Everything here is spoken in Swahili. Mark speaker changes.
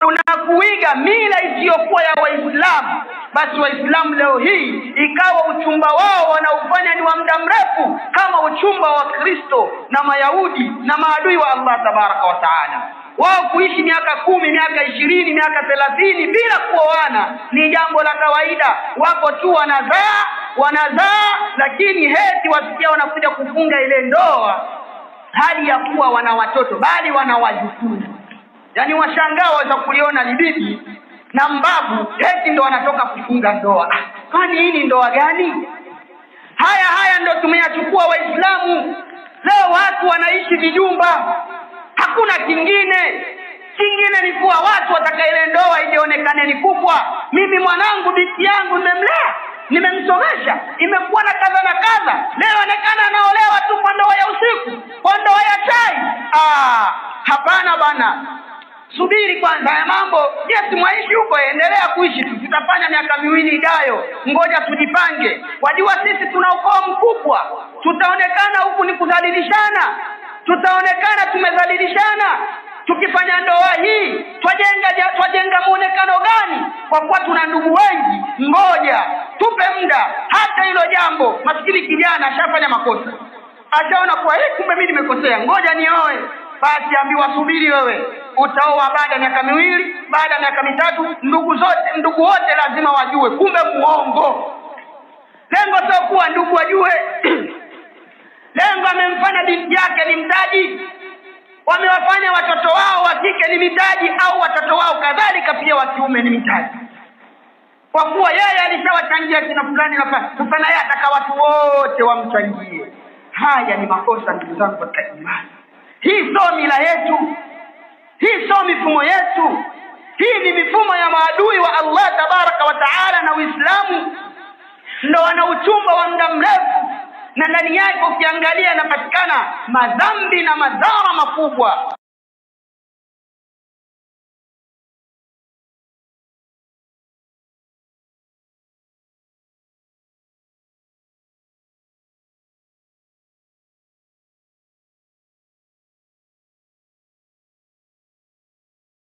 Speaker 1: tunakuiga mila isiyokuwa ya Waislamu, basi Waislamu leo hii ikawa uchumba wao wanaofanya ni wa muda mrefu kama uchumba wa Kristo na Mayahudi na maadui wa Allah tabaraka wa taala. Wao kuishi miaka kumi, miaka ishirini, miaka thelathini bila kuoana ni jambo la kawaida. Wako tu wanazaa wanazaa, lakini heti wasikia wanakuja kufunga ile ndoa hali ya kuwa wana watoto, bali wana wajukuu yaani washangaa waweza kuliona ni bibi na mbabu eti ndo wanatoka kufunga ndoa. Ah, kwani hii ni ndoa gani? Haya haya ndo tumeyachukua Waislamu. Leo watu wanaishi vijumba, hakuna kingine. Kingine ni kuwa watu wataka ile ndoa ijionekane ni kubwa. Mimi mwanangu, binti yangu nimemlea, nimemsomesha, imekuwa na kadha na kadha, leo onekana anaolewa tu kwa ndoa ya usiku, kwa ndoa ya chai. Ah, hapana bana Subiri kwanza haya mambo. Yes, mwaishi huko, endelea kuishi, tutafanya miaka miwili ijayo, ngoja tujipange. Wajua sisi tuna ukoo mkubwa, tutaonekana huku ni kudhalilishana, tutaonekana tumedhalilishana. Tukifanya ndoa hii twajenga twajenga muonekano gani? Kwa kuwa tuna ndugu wengi, ngoja tupe muda hata hilo jambo. Masikini kijana ashafanya makosa, ashaona kuwa eh, kumbe mimi nimekosea, ngoja nioe. Basi ambiwa, subiri wewe utaoa baada ya miaka miwili, baada ya miaka mitatu, ndugu zote, ndugu wote lazima wajue, kumbe muongo. Lengo sio kuwa ndugu wajue lengo amemfanya binti yake ni mtaji, wamewafanya watoto wao wa kike ni mitaji, au watoto wao kadhalika pia wa kiume ni mitaji, kwa kuwa yeye alishawachangia kina fulani, sasa naye ataka watu wote wamchangie. Haya ni makosa, ndugu zangu katika imani. Hii sio mila yetu. Hii sio mifumo yetu, hii ni mifumo ya maadui wa Allah tabaraka wa taala na Uislamu. Ndo wana uchumba wa muda mrefu, na ndani yake ukiangalia yanapatikana madhambi na madhara makubwa.